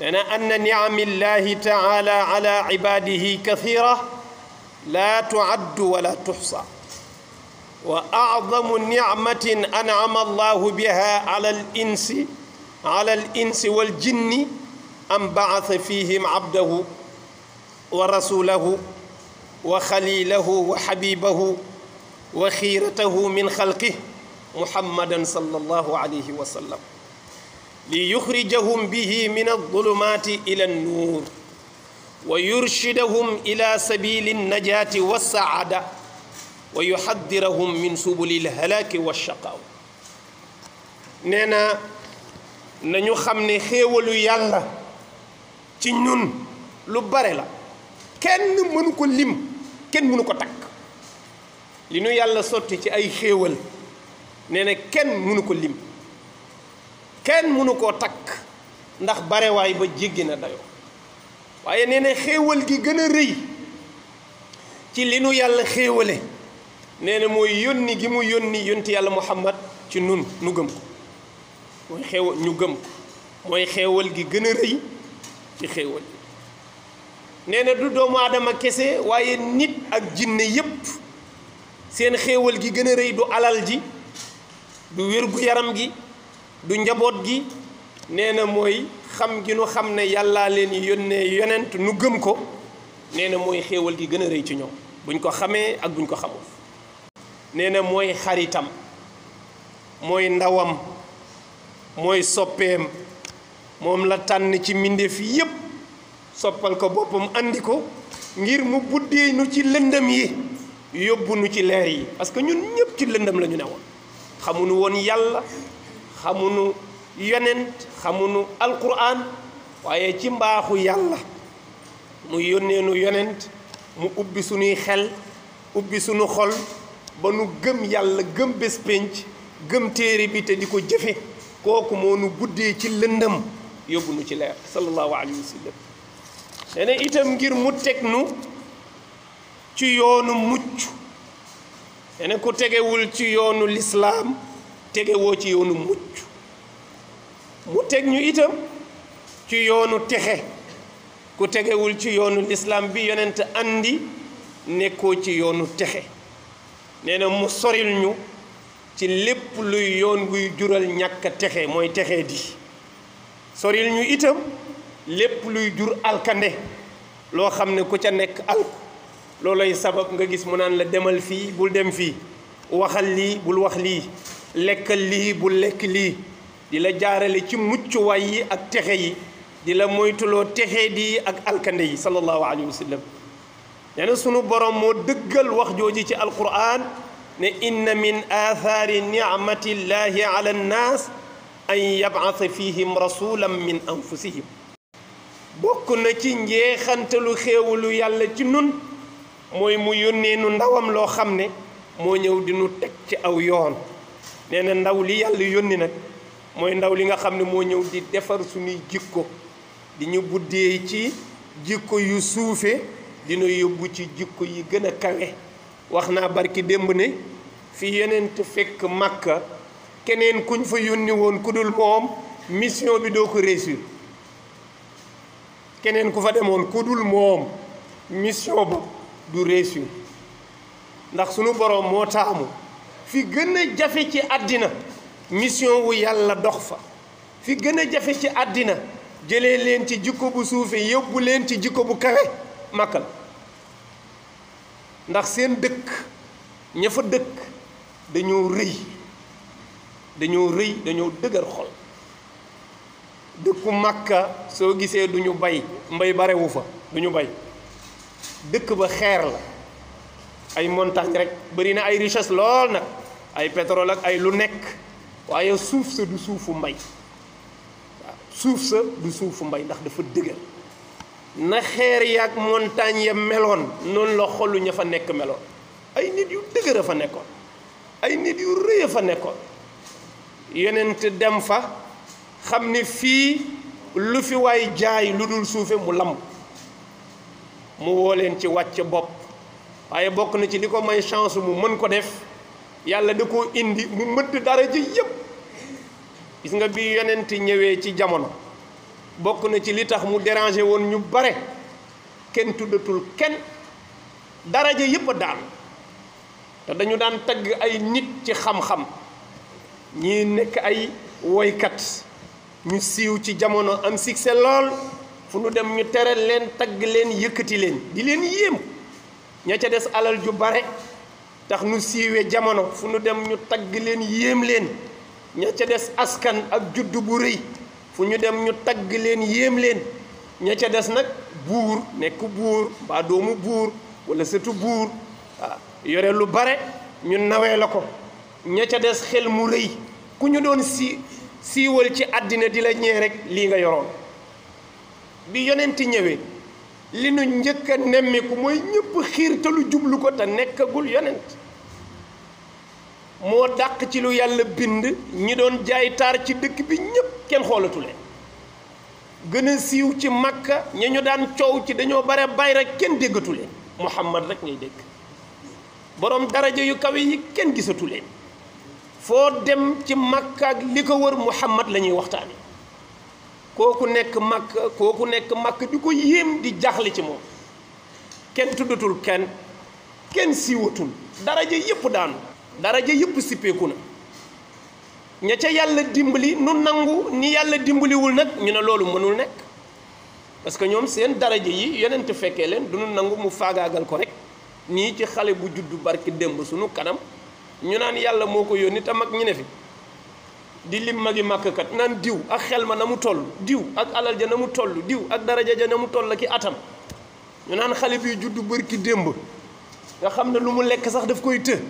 لأن أن نعم الله تعالى على عباده كثيرة لا تعد ولا تحصى وأعظم نعمة أنعم الله بها على الإنس على الإنس والجن أن بعث فيهم عبده ورسوله وخليله وحبيبه وخيرته من خلقه محمدا صلى الله عليه وسلم ليخرجهم به من الظلمات إلى النور ويرشدهم إلى سبيل النجاة والسعادة ويحذرهم من سبل الهلاك والشقاو نينا nañu xam ne xéewalu yàlla ci ñun lu bare la kenn mënu ko lim kenn mënu ko takk li nu yàlla sotti ci ay xéewal nee na kenn mënu ko lim kenn mënu koo takk ndax barewaay ba jéggi na dayoo waaye nee na xéewal gi gën a rëy ci li nu yàlla xéewale nee na mooy yónni gi mu yónni yonti yàlla muhammad ci nun nu gëm ko mooy xéew ñu gëm ko mooy xéewal gi gën a rëy ci xéewal yi nee na du doomu aadama kese waaye nit ak jinne yépp seen xéewal gi gën a rëy du alal ji du wér gu yaram gi du njaboot gi nee na mooy xam gi nu xam ne yàlla leen yónnee yonent nu gëm ko nee na mooy xéewal gi gën a rëy ci ñoom buñ ko xamee ak buñ ko xamul nee na mooy xaritam mooy ndawam mooy soppeem moom la tànn ci mbindeef yépp soppal ko boppam andi ko ngir mu buddee nu ci lëndëm yi yóbbu nu ci leer yi parce que ñun ñëpp ci lëndëm la ñu ne woon xamuñu woon yàlla xamunu yonent xamunu alquran waaye ci mbaaxu yàlla mu yónnee nu yonent mu ubbi sunuy xel ubbi sunu xol ba nu gëm yàlla gëm bés pénc gëm téere bi te di ko jëfe kooku moo nu guddee ci lëndëm yóbbu nu ci leer sallallahu alayhi wa sallam itam ngir mu teg nu ci yoonu mucc nee na ku tegewul ci yoonu lislaam tegewoo ci yoonu mucc mu teg ñu itam ci yoonu texe ku tegewul ci yoonu lislaam bi yonent andi nekkoo ci yoonu texe nee na mu soril ñu ci lépp luy yoon guy jural ñàkk texe mooy texe di soril ñu itam lépp luy jur alkande loo xam ne ku ca nekk alku looloy sabab nga gis mu naan la demal fii bul dem fii waxal lii bul wax lii lekkal lii bul lekk lii dila la jaarale ci muccu yi ak texe yi dila moytulo texe di ak alkande yi sallallahu alayhi wasallam sallam sunu borom mo dëggal wax joji ci alquran ne inna min athari ni'mati llahi ala annaas an yab'ath fihim rasulan min anfusihim bokk na ci njeexantalu xéewalu yàlla ci nun moy mu yónnee nu ndawam lo xamne mo ñëw di nu tek ci aw yoon neena ndaw li yàlla yónni nak mooy ndaw li nga xam ne moo ñëw di defar suñuy jikko di ñu buddee ci jikko yu suufe dina yóbbu ci jikko yi gën a kawe wax naa barki démb ne fi yenent fekk màkka keneen kuñ fa yónni woon ku dul moom mission bi doo ko réussir keneen ku fa demoon ku dul moom mission ba du réussir ndax sunu boroom moo taamu fi gën a jafe ci àddina mission wu yàlla dox fa fi gën a jafe ci àddina jële leen ci jikko bu suufe yóbbu leen ci jikko bu kawe màkkal ndax seen dëkk ña fa dëkk dañoo rëy dañoo rëy dañoo dëgër xol dëkku màkka soo gisee du ñu bay mbay barewu fa duñu bay dëkk ba xeer la ay montagne rekk bari na ay riches lool nag ay pétrole ak ay lu nekk waaye suuf sa du suufu mbay waaw suuf sa du suufu mbay ndax dafa dëgër na xeer yaag montagne ya meloon noonu la xolu ña fa nekk meloon ay nit yu dëgër fa nekkoon ay nit yu rëy fa nekkoon yonent dem fa xam ni fii lu fi waay jaay lu dul suufe mu lamb mu woo leen ci wàcce bopp waaye bokk na ci li ko may chance mu mën ko def yàlla da koo indi mu mëdd daraja yëpp gis nga bi yonent ñëwee ci jamono bokk na ci li tax mu dérangé woon ñu bare kenn tuddatul kenn daraja yëpp a daan te dañu daan tagg ay nit ci xam-xam ñii nekk ay woykat ñu siiw ci jamono am succès lool fu ñu dem ñu tere leen tagg leen yëkkati leen di leen yéem ña ca des alal ju bare tax nu siiwee jamono fu ñu dem ñu tagg leen yéem leen ña ca des askan ak juddu bu rëy fu ñu dem ñu tagg leen yéem leen ña ca des nag buur nekk buur mbaa doomu buur wala setu buur ah, yore lu bare ñu nawee la ko ña ca des xel mu rëy ku ñu doon si siiwal ci àddina di la ñee rek lii nga yoroon bi yonenti ñëwee li nu njëkk a nemmiku mooy ñëpp xiirtalu jublu ko te nekkagul yonent moo dàq ci lu yàlla bind ñi doon jaay taar ci dëkk bi ñëpp kenn xoolatu leen gën a siiw ci makka ña ñu daan coow ci dañoo bare bay rek kenn déggatu leen muhammad rek ngay dégg borom daraja yu kawe yi kenn gisatu leen foo dem ci makka ak li ko wër muhammad la ñuy kooku nekk màkk kooku nekk màkk di ko yéem di jaxle ci moom kenn tuddatul kenn kenn siiwatul daraja yëpp daanu daraja yëpp sippeeku na ña ca yàlla dimbali nu nangu ni yàlla dimbaliwul nag ñu ne loolu mënul nekk parce que ñoom seen daraja yi yonent fekkee leen du nu nangu mu faagaagal ko rek nii ci xale bu juddu barki démb sunu kanam ñu naan yàlla moo ko yónni te mag ñu ne fi di lim magi màkkkat naan diw ak xel ma na mu toll diw ak alal ja na mu toll diw ak daraja ja na mu toll ki atam ñu naan xale bi juddu bër ki démb nga xam ne lu mu lekk sax daf koy të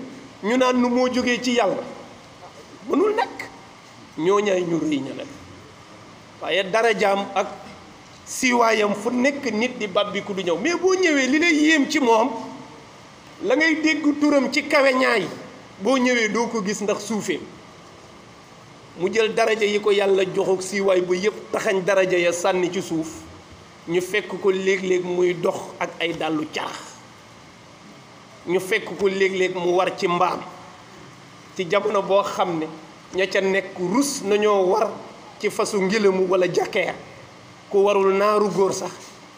ñu naan nu moo jógee ci yàlla mënul nekk ñoo ñaay ñu rëy ña nag waaye darajaam ak siiwaayam fu nekk nit di bàbbi ku du ñëw mais boo ñëwee li lay yéem ci moom la ngay dégg turam ci kawe ñaay boo ñëwee doo ko gis ndax suufeem mu jël daraja yi ko yàlla joxu siiwaay bu yëpp taxañ daraja ya sànni ci suuf ñu fekk ko léeg-léeg muy dox ak ay dàllu carax ñu fekk ko léeg-léeg mu war ci mbaam ci jamono boo xam ne ña ca nekk rus nañoo war ci fasu ngilamu wala jàkkeer ku warul naaru góor sax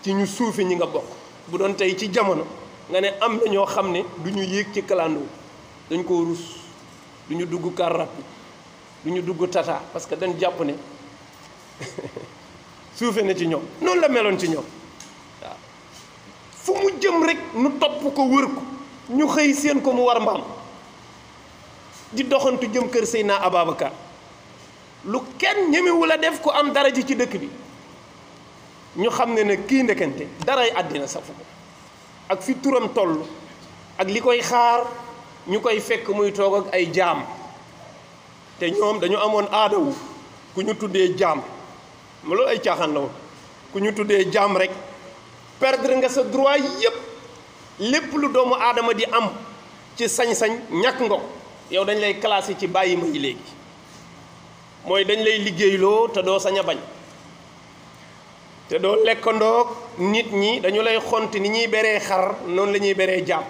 ci ñu suufi ñi nga bokk bu doon tey ci jamono nga ne am na ñoo xam ne duñu ñu yéeg ci kalandoo dañ ko rus duñu dugg car du ñu dugg tata parce que dañ jàpp ne suufe na ci ñoom noonu la meloon ci ñoom waaw fu mu jëm rek nu topp ko wër ko ñu xëy seen ko mu war mbaam di doxantu jëm kër Seydina Ababacar lu kenn ñemewul a def ku am dara ji ci dëkk bi ñu xam ne nag kii ndekante daray àddina safu ko ak fi turam toll ak li koy xaar ñu koy fekk muy toog ak ay jaam te ñoom dañu amoon aadawu ku ñu tuddee jaam loolu ay caaxaan la ku ñu tuddee jaam rek perdre nga sa droit yépp lépp lu doomu aadama di am ci sañ-sañ ñàkk nga yow dañ lay classé ci bàyyi ma yi léegi mooy dañ lay liggéeyloo te doo sañ a bañ te doo lekkandoog nit ñi dañu lay xont ni ñuy baree xar noonu la ñuy beree jaam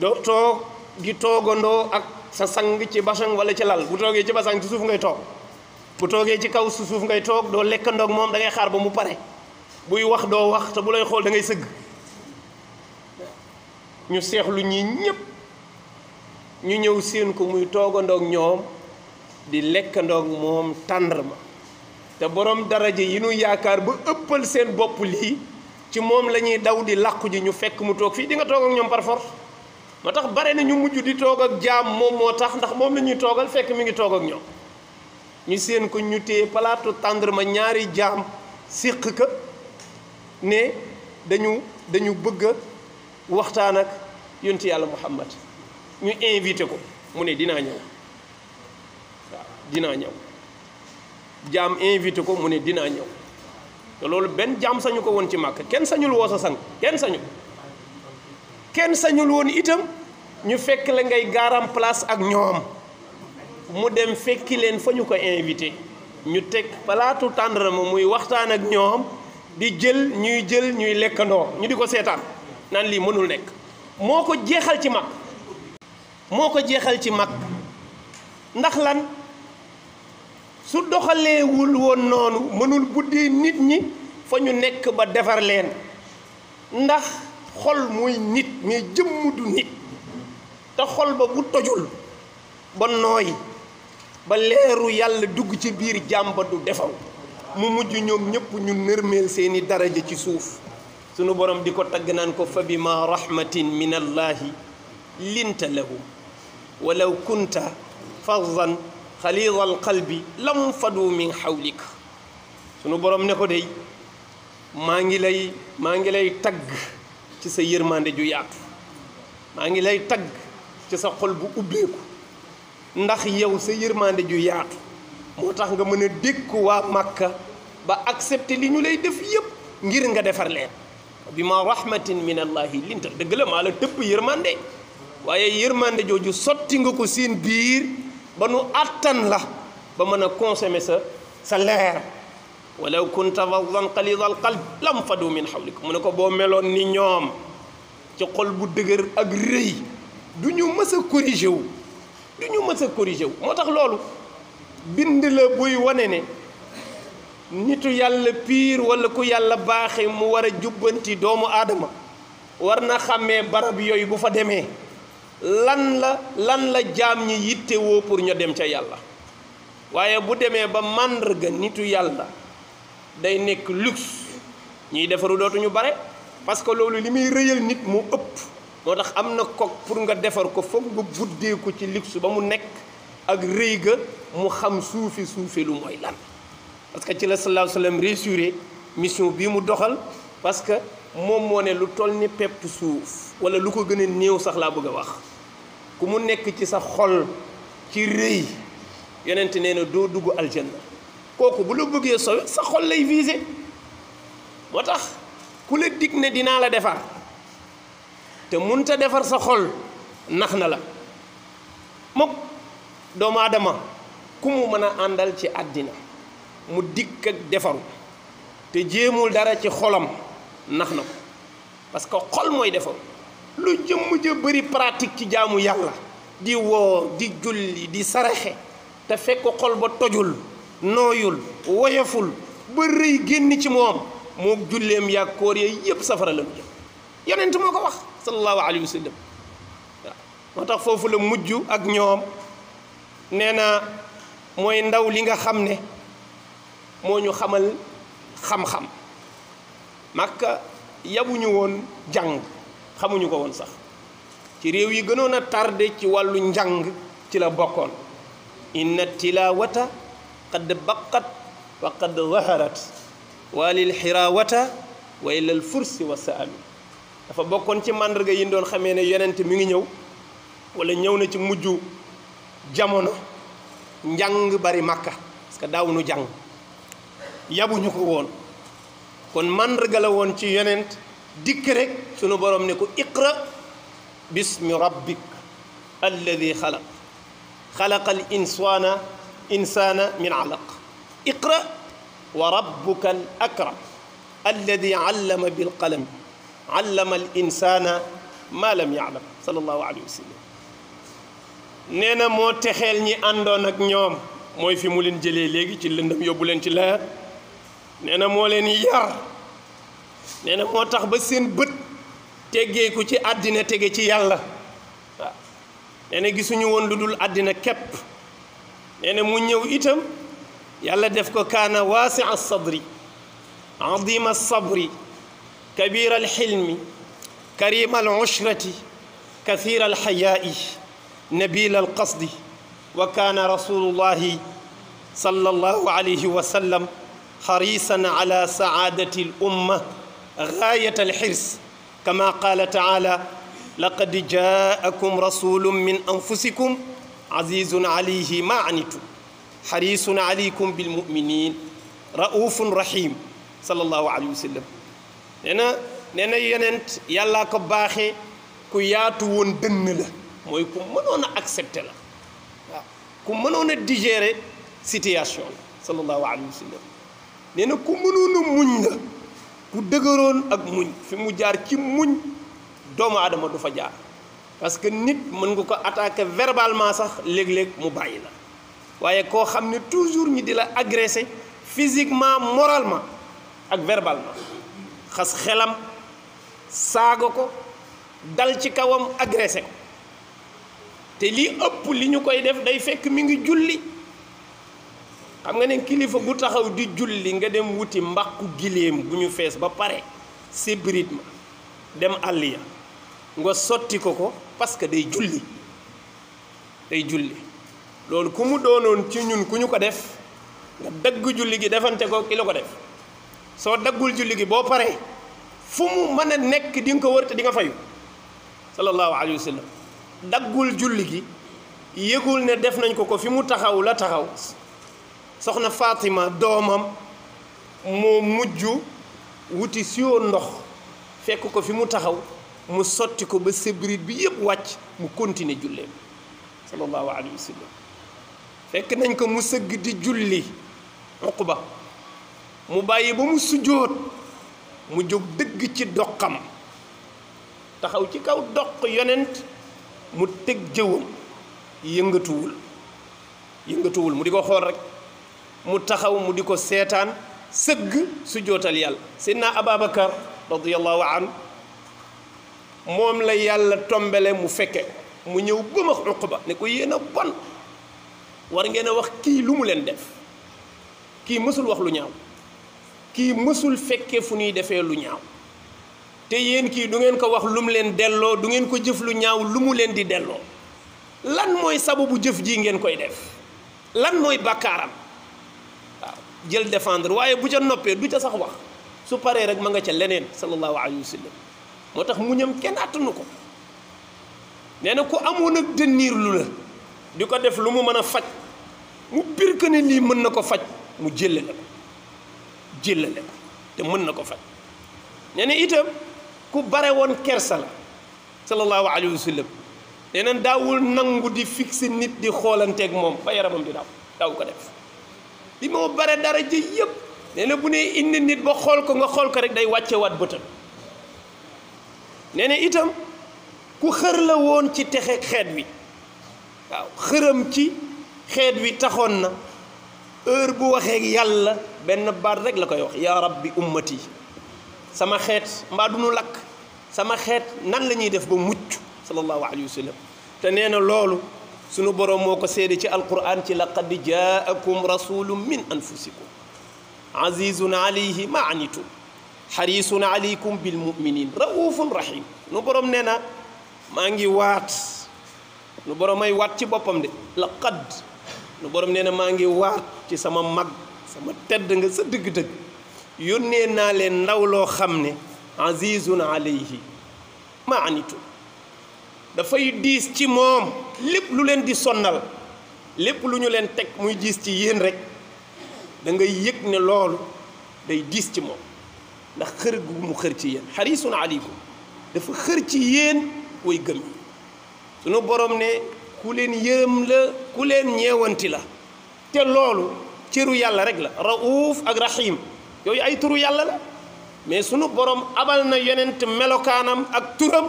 doo toog di toogandoo ak sa sang ci basan wala ci lal bu toogee ci basang ci suuf ngay toog bu toogee ci kaw suuf ngay toog doo lekkandoog moom da ngay xaar ba mu pare buy wax doo wax te bu lay xool dangay sëgg ñu seexlu ñi ñépp ñu ñëw séen ko muy toogandoog ñoom di lekkandoog moom ma te borom daraja yi nu yaakaar ba ëppal seen bopp lii ci moom la ñuy daw di làqu ji ñu fekk mu toog fii di nga toog ak ñoom par moo tax bare na ñu mujj di toog ak jaam moom moo tax ndax moom la ñuy toogal fekk mu ngi toog ak ñoom ñu seen ko ñu téye palaatu tendre ma ñaari jaam siq ka ne dañu dañu bëgg a waxtaan ak yonti yàlla Muhammad ñu invité ko mu ne dinaa ñëw dinaa ñëw jaam invité ko mu ne dinaa ñëw te loolu benn jaam sañu ko woon ci màkk kenn sañul woo sa sang kenn sañu Ken sañul won itam ñu fekk la ngay garam place ak ñoom mu dem fekki len fa ko invité ñu teg palaatu tàndarama muy waxtaan ak ñoom di jël ñuy jël ñuy lekkandoo ñu di ko nan li mënul nek moko ko ci mak moko ko ci mak ndax lan su wul won nonu mënul buddi nit ñi fa ñu ba défar len ndax xol mooy nit mais jëm du nit ta xol ba bu tojul ba noy ba leeru yàlla dugg ci biir jàmba du defaw mu mujj ñom ñëpp ñu nërmeel seeni daraja ci suuf sunu borom diko tag tagg naan ko fa bima rahmatin min allah linta lahu walaw kunta faddan xalida alqalbi lam fadu min xawlika sunu borom ne ko dey maa ngi lay maa lay tagg ci sa yërmande ju yaatu maa ngi lay tagg ci sa xol bu ubbeeku ndax yow sa yërmande ju yaatu moo tax nga mën a dékku waa Makka ba accepté li ñu lay def yépp ngir nga defar leer bi ma rahmatin min allahi linta dëgg la maa la tëpp yërmande waaye yërmande jooju sotti nga ko seen biir ba nu àttan la ba mën a consommer sa sa leer ولو كنت فظا قليظ القلب لم فدوا من حولكم منو كو بو ميلون ني نيوم تي قلب دغر اك ري دو نيو مسا كوريجيو دو نيو مسا كوريجيو موتاخ لولو بند لا بوي وانيني نيتو يالا بير ولا كو يالا باخي مو ورا جوبنتي دومو ادمه ورنا خامي برب يوي بو فا ديمي lan la lan la jam ñi yitte wo pour ñu dem ca yalla waye bu deme ba mandrga nitu yalla day nekk luxe ñiy defaru ñu bare parce que loolu li muy rëyal nit moo ëpp moo tax am na kook pour nga defar ko foog nga guddee ci luxe ba mu nekk ak rëy ga mu xam suufi suufi lu mooy lan parce que ci la sallallahu alayhi wa mission bii mu doxal parce que moom moo ne lu toll ni pepp suuf wala lu ko gën néew sax laa bëgg wax ku mu nekk ci sa xol ci rëy yenent nee na doo dugg aljanna kooku bu la bëggee sowe sa xol lay visé moo tax ku la dig ne dinaa la defar te munta defar sa xol nax na la mukk doomu aadama ku mu mën a àndal ci àddina mu dikk ak defaru te jéemul dara ci xolam nax na ko parce que xol mooy defaru lu jëmm ja bari pratique ci jaamu yàlla di woo di julli di saraxe te fekk xol ba tojul nooyul woyoful ba rëy génn ci moom moo julleem yaag koor yooyu yëpp safara la mu jëm yonent moo ko wax sallallahu alayhi wa sallam moo tax foofu la mujj ak ñoom nee na mooy ndaw li nga xam ne moo ñu xamal xam-xam màkka yabuñu woon jàng xamuñu ko woon sax ci réew yi gënoon a tàrde ci wàllu njàng ci la bokkoon inna tilawata قد بقت وقد ظهرت والي الحراوه والى الفرس والسام دا فا بوكون سي ماندرغا يندون خامينا يوننتي ميغي نييو ولا نييونا سي موجو جامونو نجانغ باري مكه باسكو داونو جان يابو نيوكو وون كون ماندرغا لا وون سي يوننت ديك ريك سونو بوروم نيكو اقرا بسم ربك الذي خلق خلق الانسان إنسان من علق اقرأ وربك الأكرم الذي علم بالقلم علم الإنسان ما لم يعلم صلى الله عليه وسلم نينا مو تخيل ني اندون اك نيوم موي في مولين جيلي ليغي تي لندم يوبو لين تي لير نينا مو لين يار نينا مو تخ با سين بت تيغي كو تي ادينا تيغي تي يالا نينا غيسو ني وون لودول ادينا كيب يعني مو نيو ايتام يالا ديف كو كان واسع الصدر عظيم الصبر كبير الحلم كريم العشره كثير الحياء نبيل القصد وكان رسول الله صلى الله عليه وسلم حريصا على سعاده الامه غايه الحرص كما قال تعالى لقد جاءكم رسول من انفسكم عزيز عليه ما عنتم حريص عليكم بالمؤمنين رؤوف رحيم صلى الله عليه وسلم نانا نانا يننت يلا كباخي كو ياتو وون دن لا موي كو منونا اكسبت لا كو منونا ديجيري سيتياسيون صلى الله عليه وسلم نانا كو منونا موñ لا كو دغورون اك muñ في مو جار كي muñ دوما adama دو فا جار parce que nit mën nga ko attaquer verbalement sax léeg-léeg mu bàyyi la waaye koo xam ne toujours ñi di la agresser physiquement moralement ak verbalement xas xelam saaga ko dal ci kawam agressé ko te li ëpp li ñu koy def day fekk mi ngi julli xam nga ne kilifa gu taxaw di julli nga dem wuti mbaqu giléem gu ñu fees ba pare sibrit ma dem àll ya nga sotti ko ko parce que day julli day julli loolu ku mu doonoon ci ñun ku ñu ko def nga dagg julli gi defante ko ki la ko def soo daggul julli gi boo paree fu mu mën a nekk di nga ko wër te di nga fayu sallallahu alayhi wa sallam julli gi yëgul ne def nañ ko ko fi mu taxaw la taxaw soxna Fatima doomam moo mujj wuti siwo ndox fekk ko fi mu taxaw mu sotti ko ba sébrit bi yëpp wàcc mu continuer julleem sallallahu alayhi fekk nañ ko mu sëgg di julli ba mu bàyyi ba mu sujjóot mu jóg dëgg ci doqam taxaw ci kaw doq yonent mu teg jëwam yëngatuwul yëngatuwul mu di ko xool rek mu taxaw mu di ko seetaan sëgg sujjóotal yàlla seydna Ababakar radiyallahu anhu moom la yàlla tombele mu fekke mu ñëw bëmax ba ne ko yéen a bon war ngeen a wax kii lu mu leen def kii mësul wax lu ñaaw kii mësul fekke fu nuy defee lu ñaaw te yéen kii du ngeen ko wax lu mu leen delloo du ngeen ko jëf lu ñaaw lu mu leen di delloo lan mooy sababu jëf jii ngeen koy def lan mooy bàkkaaram waaw jël defendre waaye bu ca noppee du ca sax wax su paree rek ma nga ca leneen sallallahu alayhi wa sallam moo tax mu muñam kenn attanu ko nee na ku amoon ak dënniir lu la di ko def lu mu mën a faj mu bir que ne lii mën na ko faj mu jëllale ko jëllale ko te mën na ko faj nee na itam ku bare woon kersal la sallallahu alayhi wa sallam daawul nangu di fixé nit di xoolanteeg moom ba yaramam di daaw daaw ko def li moo bare dara ji yëpp nee na bu ne indi nit ba xool ko nga xool ko rek day wàcce waat bëtam nene itam ku xër la woon ci texe xet wi waaw xëram ci xet wi taxon na heure bu waxe ak yàlla ben bar rek la koy wax ya rabbi ummati sama xet mba du nu lakk sama xet nan lañuy def ba mucc sallallahu alayhi wasallam te nee lolu sunu borom moko sédé ci alquran ci laqad jaakum rasulun min anfusikum azizun alayhi ma anitum xarisun aleykum bil muminin raufun rahim nu borom nee na maa ngi waat nu borom ay waat ci boppam de laqad nu borom nee na maa ngi waat ci sama mag sama tedd nga sa dëgg-dëgg yónnee naa leen ndaw loo xam ne azizun alayhi ma anitu dafay diis ci moom lépp lu leen di sonnal lépp lu ñu leen teg muy diis ci yéen rek da ngay yëg ne loolu day diis ci moom ndax xër gu mu xër ci yéen xarisun aleykum dafa xër ci yéen way gëm yi sunu borom ne ku leen yërëm la ku leen ñeewanti la te loolu cëru yàlla rek la rauf ak rahim yooyu ay turu yàlla la mais sunu borom abal na yonent melokaanam ak turam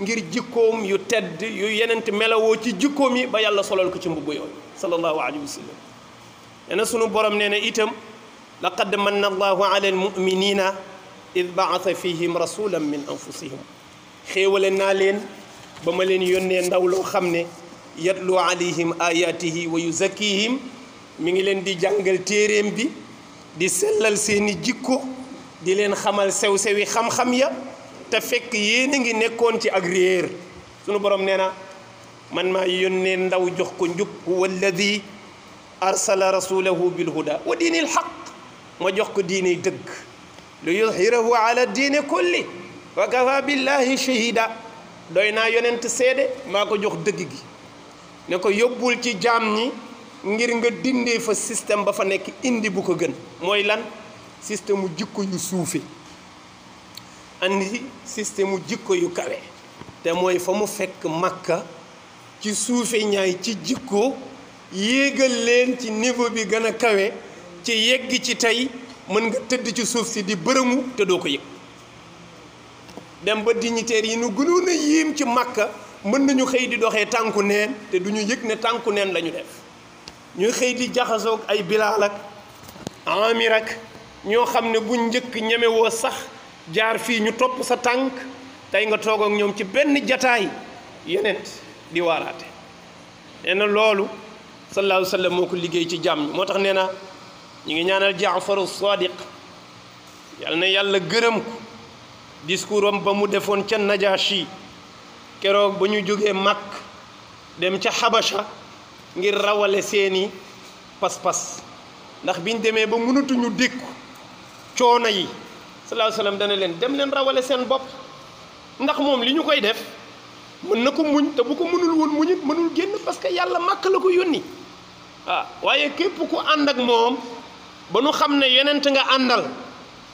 ngir jikkoom yu tedd yu yonent melowoo ci jikkoom yi ba yàlla solal ko ci mbubb yooyu sallallahu alayhi wa sallam nee na sunu borom nee na itam laqad manna allahu ala almuminina إذ بعث فيهم رسولا من أنفسهم خيول النالين بملين يوني نولو خمنة يتلو عليهم آياته ويزكيهم من لين دي جنجل تيرين بي دي سلل سيني جيكو دي لين خمال سو سوي خم خم يا تفك يينغي نكون تي أغرير سنو برام نينا من ما يوني نو جوخ جوب هو الذي أرسل رسوله بالهدى وديني الحق ما جوخ ديني دك دي li yudhirahu ala diini kulli wa kafa billahi shahida doy naa yonent seede maa ko jox dëgg gi ne ko yóbbul ci jaam ni ngir nga dindee fa système ba fa nekk indi bu ko gën mooy lan système mu jikko yu suufe andi système jikko yu kawe te mooy fa mu fekk makka ci suufe ñaay ci jikko yéegal leen ci niveau bi gën a kawe ci yegg ci tey mën nga tëdd ci suuf si di bërëmu te doo ko yëg dem ba dignitaires yi nu gënoon a yéem ci màkka mën nañu xëy di doxee tànku neen te du ñu yëg ne tànku neen lañu def ñuy xëy di jaxasoog ay bilaal ak ñoo xam ne bu njëkk ñemewoo sax jaar fii ñu topp sa tànk tey nga toog ak ñoom ci benn jataay yeneen di waaraate nee na loolu sallallahu alayhi wa sallam moo ko liggéey ci jàmm moo tax nee na ñu ngi ñaanal jaafaru sadiq yal na yàlla gërëm ko discours ba mu defoon ca najashi keroog ba ñu jógee màkk dem ca xabasha ngir rawale seeni pas-pas ndax biñ demee ba mënatuñu dékku coono yi sallallahu alayhi dana leen dem leen rawale seen bopp ndax moom li ñu koy def mën na ko muñ te bu ko mënul woon muñit mënul génn parce que yàlla màkk la ko yónni waaw ah, waaye képp ku ànd ak moom ba nu xam ne yonent nga àndal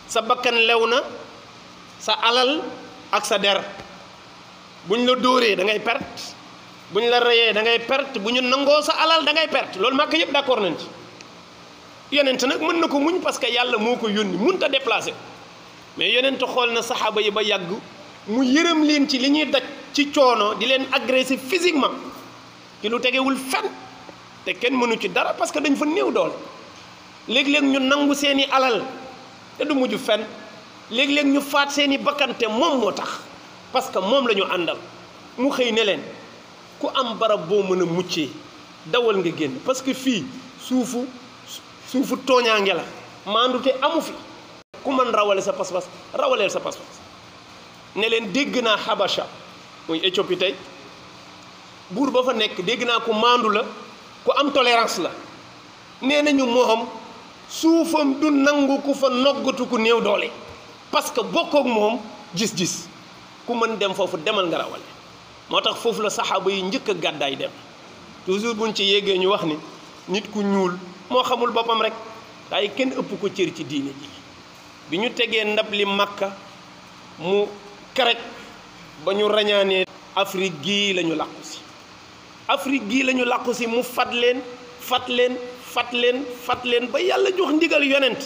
sa bakkan lew na sa alal ak sa der bu ñu la dóoree da ngay perte bu ñu la reyee da ngay perte bu ñu nangoo sa alal da ngay perte loolu màkk yëpp d'accord nañ ci yonent nag mën na ko muñ parce que yàlla moo ko yónni mun ta déplacé mais yonent xool na saxaaba yi ba yàgg mu yërëm leen ci li ñuy daj ci coono di leen agressé physiquement ci lu tegewul fen te kenn mënu ci dara parce que dañ fa néew doole léeg-léeg ñu nangu seeni alal te du mujj fenn léeg-léeg ñu faat seeni bakkante moom moo tax parce que moom la ñu àndal mu xëy ne leen ku am barab boo mën a muccee dawal nga génn parce que fii suufu suufu tooñaange la maandute amu fi ku mën rawale sa pas-pas rawaleel sa pas-pas ne leen dégg naa Habasha muy Éthiopie tey buur ba fa nekk dégg naa ko maandu la ku am tolérance la nee nañu moom suufam du nangu ku fa noggatu ku néew doole parce que bokkook moom gis-gis ku mën dem foofu demal nga moo tax foofu la saxaaba yi njëkk a gàddaay dem toujours buñ ci yéegee ñu wax ni nit ku ñuul moo xamul boppam rek waaye kenn ëpp ko cër ci diine ji bi ñu tegee ndab li màkka mu kerek ba ñu rañaanee Afrique gii lañu ñu si Afrique gii lañu ñu si mu fat leen fat leen fat leen fat leen ba yàlla jox ndigal yonent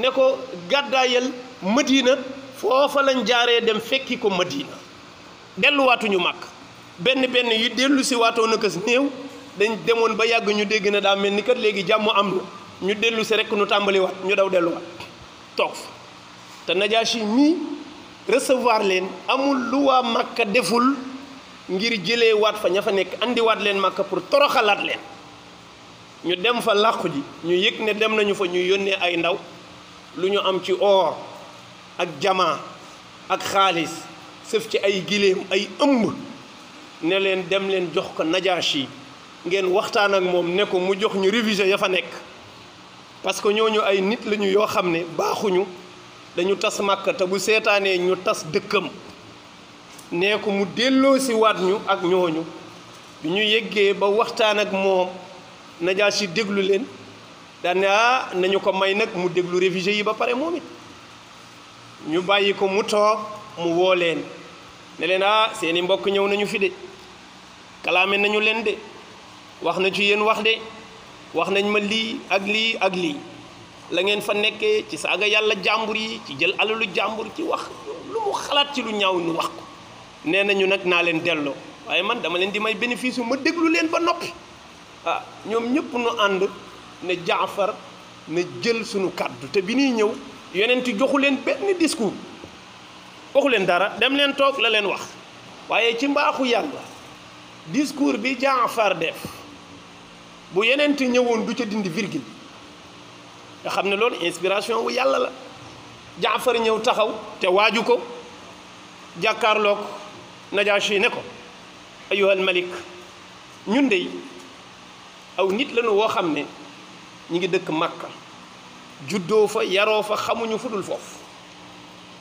ne ko gàddaayal madina foofa lañ jaaree dem fekki ko madina delluwaatuñu màkk benn benn yi dellu si na kës néew dañ demoon ba yàgg ñu dégg na daa mel ni kat léegi jàmmu am na ñu dellu si rek nu tàmbaliwaat ñu daw delluwaat toog fa te Najaashi mii recevoir leen amul lu waa màkka deful ngir jëlee waat fa ña fa nekk andiwaat leen màkka pour xalaat leen ñu dem fa làqu ji ñu yëg ne dem nañu fa ñu yónnee ay ndaw lu ñu am ci or ak jamaa ak xaalis sëf ci ay giléem ay ëmb ne leen dem leen jox ko Najaashi ngeen waxtaan ak moom ne ko mu jox ñu révisé ya fa nekk parce que ñooñu ay nit lañu yoo xam ne baaxuñu dañu tas Makka bu seetaanee ñu tas dëkkam nee ko mu delloo si waat ñu ak ñooñu ñu yeggee ba waxtaan ak moom Najaasi déglu leen daan ah nañu ko may nag mu déglu réfugié yi ba pare moom it ñu bàyyi ko mu toog mu woo leen ne leen ah seeni mbokk ñëw nañu fi de kalaame nañu leen de wax na ci yéen wax de wax nañ ma lii ak lii ak lii la ngeen fa nekkee ci saaga yàlla jàmbur yi ci jël alalu jàmbur ci wax lu mu xalaat ci lu ñaaw ñu wax ko nee nañu nag naa leen delloo waaye man dama leen di may bénéfice ma déglu leen ba noppi. ah ñoom ñëpp nu ànd ne jaafar ne jël sunu kàddu te bi ñuy ñëw yonent joxu leen benn discours waxu leen dara dem leen toog la leen wax waaye ci mbaaxu yàlla discours bi jaafar def bu yonent ñëwoon du ca dindi virgule nga xam ne loolu inspiration wu yàlla la jaafar ñëw taxaw te waaju ko jàkkaarloo jàkkaarloog najaashi ne ko ayyuhal malik ñun dey aw nit lañu woo xam ne ñi ngi dëkk Màkka juddoo fa yaroo fa xamuñu fudul foofu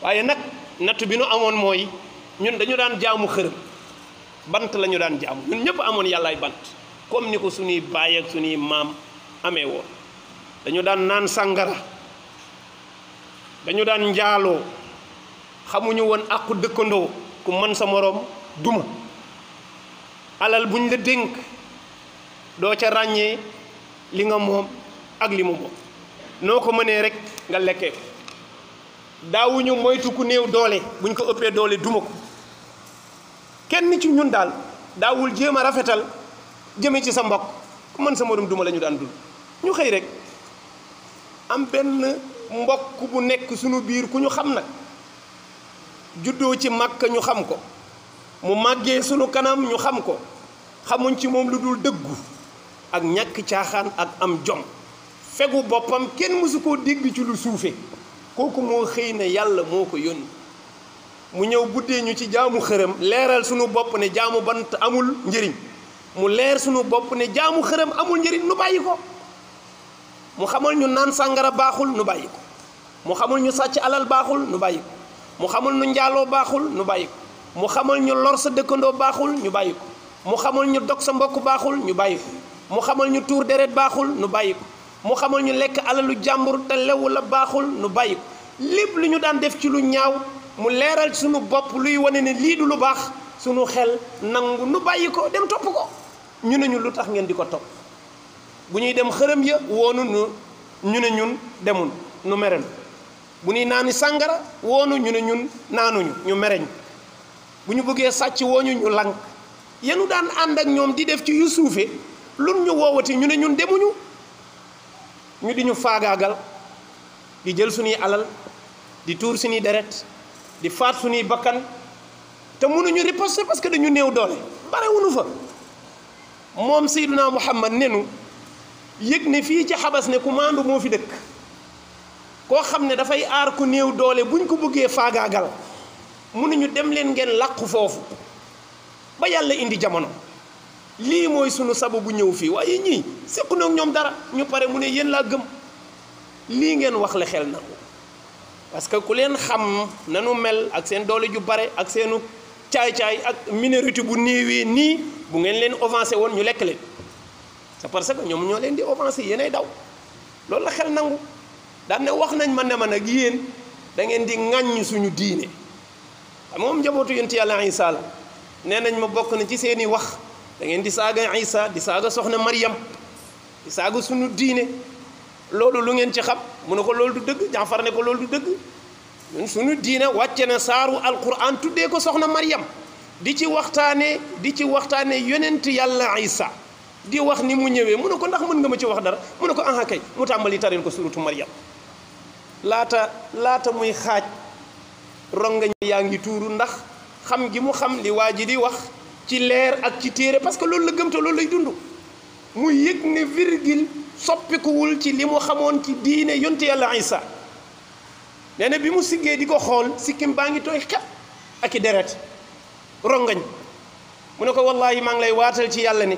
waaye nag natt bi nu amoon mooy ñun dañu daan jaamu xërëm bant lañu daan jaamu ñun ñépp amoon yàllaay bant comme ni ko suñuy baay suñuy maam amee woon dañu daan naan sàngara dañu daan njaaloo xamuñu woon àqu dëkkandoo ku man sa moroom duma alal buñ la dénk doo ca ràññee li nga moom ak li mu moom noo ko mënee rek nga lekkee ko daawuñu moytu ku néew doole buñ ko ëppee doole duma ko kenn ci ñun daal daawul jéem a rafetal jëme ci sa mbokk ku mën sa morom duma lañu daan dul ñu xëy rek am benn mbokk bu nekk sunu biir ku ñu xam nag juddoo ci màkk ñu xam ko mu màggee sunu kanam ñu xam ko xamuñ ci moom lu dul dëggu ak ñàkk caaxaan ak am jom fegu boppam kenn mësu koo dégg ci lu suufe kooku moo xëy na yàlla moo ko yónni mu ñëw guddee ñu ci jaamu xërëm leeral sunu bopp ne jaamu bant amul njëriñ mu leer sunu bopp ne jaamu xërëm amul njariñ nu bàyyi ko mu xamal ñu naan sàngara baaxul nu bàyyi ko mu xamal ñu sàcc alal baaxul nu bàyyi ko mu xamal ñu njaaloo baaxul nu bàyyi ko mu xamal ñu lor sa dëkkandoo baaxul ñu bàyyi ko mu xamal ñu dog sa mbokk baaxul ñu bàyyi ko mu xamal ñu tuur deret baaxul nu bàyyi ko mu xamal ñu lekk alalu jàmbur te lewu la baaxul nu bàyyi ko lépp lu ñu daan def ci lu ñaaw mu leeral suñu bopp luy wane ne lii du lu baax suñu xel nangu nu bàyyi ko dem topp ko ñu ne ñu lu tax ngeen di ko topp bu ñuy dem xërëm ya woonu nu ñu ne ñun demun nu mereñ bu ñuy naani sàngara woonu ñu ne ñun naanuñu ñu mereñ bu ñu bëggee sàcc wooñu ñu lank yenu daan ànd ak ñoom di def ci yu suufe lun ñu woowati ñu ne ñun demuñu ñu di ñu faagaagal di jël suñuy alal di tuur suñuy deret di faat suñuy bakkan te mënuñu riposter parce que dañu néew doole barewuñu fa moom Seydunaa Muhammad nenu yëg ne fii ci xabas ne ku maandu moo fi dëkk koo xam ne dafay aar ku néew doole buñ ko bëggee faagaagal mënuñu dem leen ngeen làqu foofu ba yàlla indi jamono li moy sunu sababu ñew fi waaye ñi sekku nag ñom dara ñu pare mu ne yeen la gëm li ngeen wax la xel nangu parce que ku leen xam nanu mel ak seen doole ju bare ak seenu chay chay ak minorité bu niwi nii bu ngeen leen avancer won ñu lek leen c'est parce que ñom ñoo leen di avancer yeenay daw lool la xel nangu daan ne wax nañ man ne man ak yeen da ngeen di ngagn suñu diine mom moom njabootu isa ma bokk na ci seeni wax da ngeen di saaga Isa di saaga soxna Maryam di saaga sunu diine loolu lu ngeen ci xam mu ne ko loolu du dëgg Jaafar ne ko loolu du dëgg ñun sunu diine wàcce na saaru alquran tuddee ko soxna Maryam di ci waxtaane di ci waxtaanee yonent yàlla Isa di wax ni mu ñëwee mu ne ko ndax mën nga ma ci wax dara mu ne ko aha kay mu tàmbali taril ko suratu Maryam laata laata muy xaaj rongañ yaa ngi tuuru ndax xam gi mu xam li waa ji di wax ci leer ak ci téere parce que loolu la gëm te loolu lay dund mu yëg ne virgule soppikuwul ci li mu xamoon ci diine yonte yàlla isa nee na bi mu siggee di ko xool sikkim baa ngi tooy xet ak i deret rongañ mu ne ko wallahi maa ngi lay waatal ci yàlla ni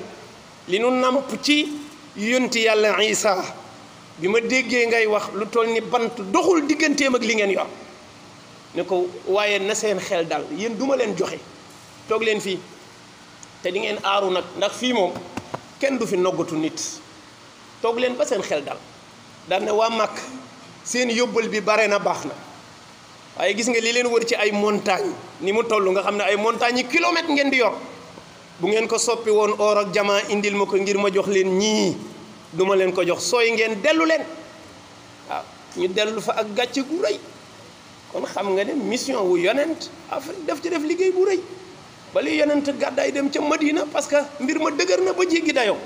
li nu namp ci yonte yàlla isa bi ma déggee ngay wax lu toll ni bant doxul digganteem ak li ngeen yor ne ko waaye na seen xel dal yéen duma leen joxe toog leen fii te di ngeen aaru nag ndax fii moom kenn du fi noggatu nit toog leen ba seen xel dal daan waa màkk seen yóbbal bi bare na baax na waaye gis nga li leen wër ci ay montagne ni mu toll nga ne ay montagnes yi kilomètres ngeen di yor bu ngeen ko soppi woon or ak jamaa indil ma ko ngir ma jox leen ñii duma leen ko jox sooy ngeen dellu leen waaw ñu dellu fa ak gàcce gu rëy kon xam nga ne mission wu yonent Afrique daf ci def liggéey bu rëy bala yonent gàddaay dem ca Madina parce que mbir ma dëgër na ba jéggi dayoo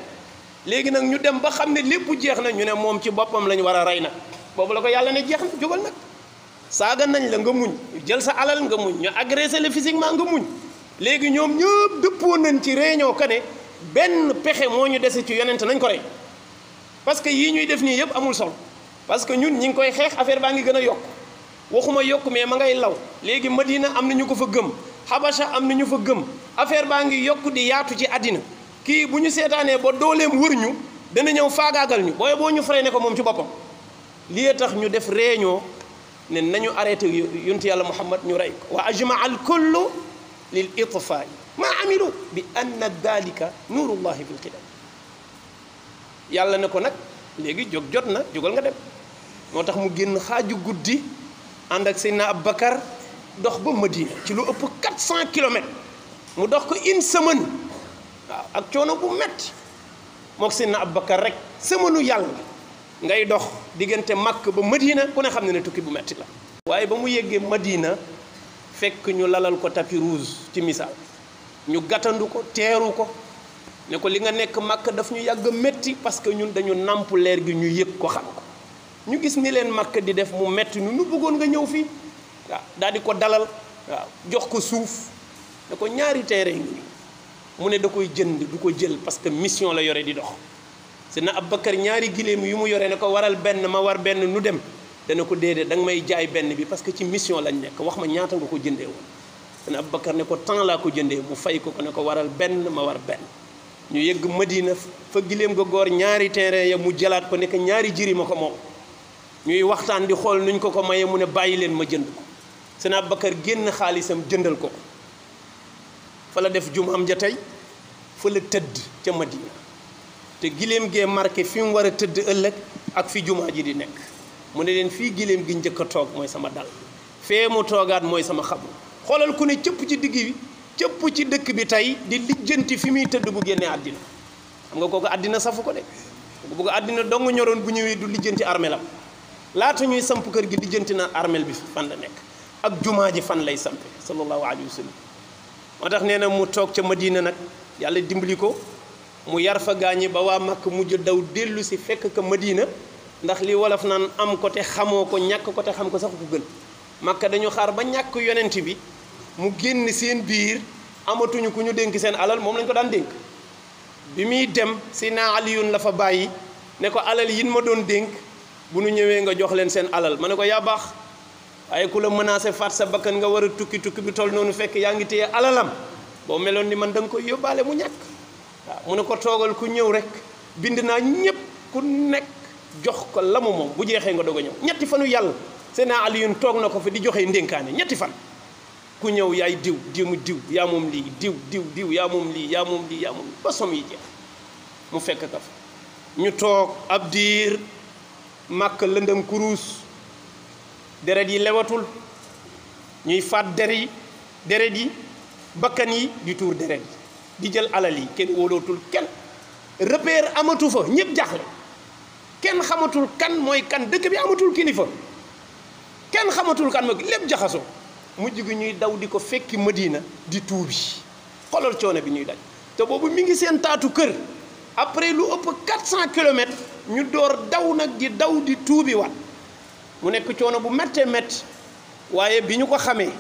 léegi nag ñu dem ba xam ne lépp jeex na ñu ne moom ci boppam lañ war a rey nag boobu la ko yàlla ne jeex na jógal nag saaga nañ la nga muñ jël sa alal nga muñ ñu agressé la physiquement nga muñ léegi ñoom ñëpp dëppoo nañ ci réunion ka ne benn pexe moo ñu dese ci yonent nañ ko rey parce que yii ñuy def nii yëpp amul solo parce que ñun ñi ngi koy xeex affaire baa ngi gën a yokk waxuma yokk mais ma ngay law léegi Madina am na ko fa gëm habasha am nañu fa gëm affaire ba nga yokku di yaatu ci adina ki buñu sétané bo dolem dooleem wër dana ñëw faagaagal ñu boy bo ñu fray ne ko mom ci boppam lii tax ñu def réño ne nañu arrêté yonti yàlla muhammad ñu ray wa ajma al kullu lil itfa ma amilu bi anna dhalika nurullah bil qidam yàlla ne ko nak léegi jóg jotna jógal nga dem motax mu génn xaju guddii ànd ak seydna dox ba Madina ci lu ëpp 400 kilomètres mu dox ko une semaine waaw ak coono bu metti mook seen na Abubakar rek semaine yàlla ngay dox diggante màkk ba Madina ku ne xam ne ne tukki bu metti la. waaye ba mu yeggee Madina fekk ñu lalal ko tapis rouge ci misaal ñu gàttandu ko teeru ko ne ko li nga nekk màkk daf ñu yàgg metti parce que ñun dañu nàmp leer gi ñu yëpp ko xam ko ñu gis ni leen Makka di def mu metti nu nu bëggoon nga ñëw fii. waaw daal di ko dalal jox ko suuf ne ko ñaari terrain ngi mu ne da koy jënd du ko jël parce que mission la yore di dox ab Abubakar ñaari giléem yu mu yore ne ko waral benn ma war benn nu dem dana ko déedee danga may jaay benn bi parce que ci mission lañ nekk wax ma ñaata nga ko jëndee woon Seydina Abubakar ne ko temps laa ko jëndee mu fay ko ko ne ko waral benn ma war benn ñu yëgg Madina fa giléem ga góor ñaari terrain ya mu jëlaat ko nekk ñaari jiri ma ko moom ñuy waxtaan di xool nuñ ko ko mayee mu ne bàyyi leen ma jënd ko ba kër génn xaalisam jëndal ko fa la def jumaam ja tey fa la tëdd ca Madina te giléem gee marqué fi mu war a tëdd ëllëg ak fi jumaa ji di nekk mu ne leen fii giléem gi njëkk a toog mooy sama dal fee mu toogaat mooy sama xabru xoolal ku ne cëpp ci digg bi cëpp ci dëkk bi tey di lijjanti fi muy tëdd bu génnee àddina xam nga kooku àddina safu ko de bu ko àddina dong ñoroon bu ñëwee du lijjanti armelam laata ñuy samp kër gi lijjanti na armel bi nekk ak jumaa ji fan lay sampe sallallahu alaihi wasallam. sallam moo tax nee na mu toog ca madina nag yàlla dimbali ko mu yar fa gaañi ba waa màkk mujj daw dellu si fekk ka madina ndax li wolof naan am ko te xamoo ko ñàkk ko te xam ko sax ku gën màkk dañu xaar ba ñàkk yonent bi mu génn seen biir amatuñu ku ñu dénk seen alal moom lañ ko daan dénk bi muy dem aliyun la fa bàyyi ne ko alal yin ma doon dénk bu nu ñëwee nga jox leen seen alal ma ne ko yaa waaye ku la menacé faat sa bakkan nga war a tukki tukki bi toll noonu fekk yaa ngi téye alalam boo meloon ni man danga koy yóbbaale mu ñàkk waaw mu ne ko toogal ku ñëw rek bind naa ñépp ku nekk jox ko la moom bu jeexee nga doog a ñëw ñetti fanu yàlla Seydina Aliyun toog na ko fa di joxe ndénkaane ñetti fan ku ñëw yaay diw dimu diw yaa moom lii diw diw diw yaa moom lii yaa moom lii yaa ba som yi jeex mu fekk ka fa ñu toog ab diir màkk lëndëm kuruus deret yi lewatul ñuy faat deret yi deret yi bakkan yi di tuur deret yi di jël alal yi kenn wóolootul kenn repère amatu fa ñëpp jaxle kenn xamatul kan mooy kan dëkk bi amatul kilifa kenn xamatul kan mooy lépp jaxasoo mujj gi ñuy daw di ko fekki Madina di tuubi xolal coono bi ñuy daj te boobu mu ngi seen taatu kër après lu ëpp 400 kilomètres ñu door daw nag di daw di tuubi wan mu nekk coono bu mettee métti waaye bi ñu ko xamee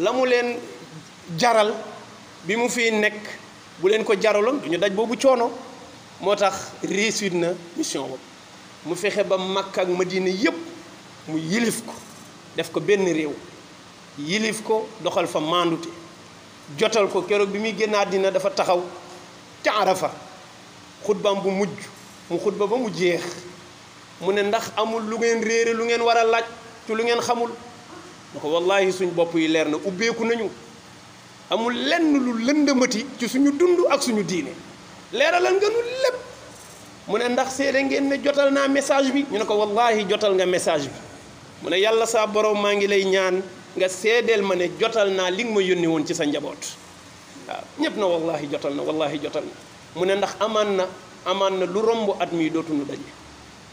la mu leen jaral bi mu fiy nekk bu leen ko jaraloon du daj boobu coono moo tax réussir na mission boobu mu fexe ba Makka ak ma Madina yépp mu yilif ko def ko benn réew yilif ko doxal fa maandute jotal ko keroog bi muy génn àddina dafa taxaw ca Arafa xutbaam bu mujj mu xutba ba mu jeex mu ne ndax amul lu ngeen réere lu ngeen war laaj ci lu ngeen xamul na ko wallaahi suñ bopp yi leer na ubbeeku nañu amul lenn lu lëndëmati ci suñu dund ak suñu diine leeralal nga nu lépp mu ne ndax seede ngeen ne jotal naa message bi ñu ne ko wallaahi jotal nga message bi mu ne yàlla saa borom maa ngi lay ñaan nga seedeel ma ne jotal naa li nga ma yónni woon ci sa njaboot waaw ñëpp na wallaahi jotal na wallaahi jotal na mu ne ndax amaan na amaan na lu romb at mii dootuñu daje.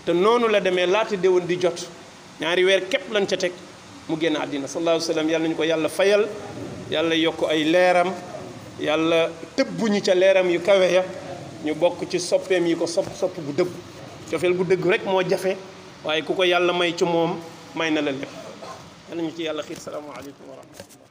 te noonu la demee laata déwén di jot ñaari weer képp lan ca teg mu génn àddina sallallahu alayhi wa sallam yàlla ñu ko yàlla fayal yàlla yokk ay leeram yàlla tëbbuñu ca leeram yu kawe ya ñu bokk ci soppeem yi ko sopp sopp bu dëgg cofeel gu dëgg rek moo jafe waaye ku ko yàlla may ci moom may na la lépp yàlla ñu ci yàlla xiir salaamu wa rahmatullah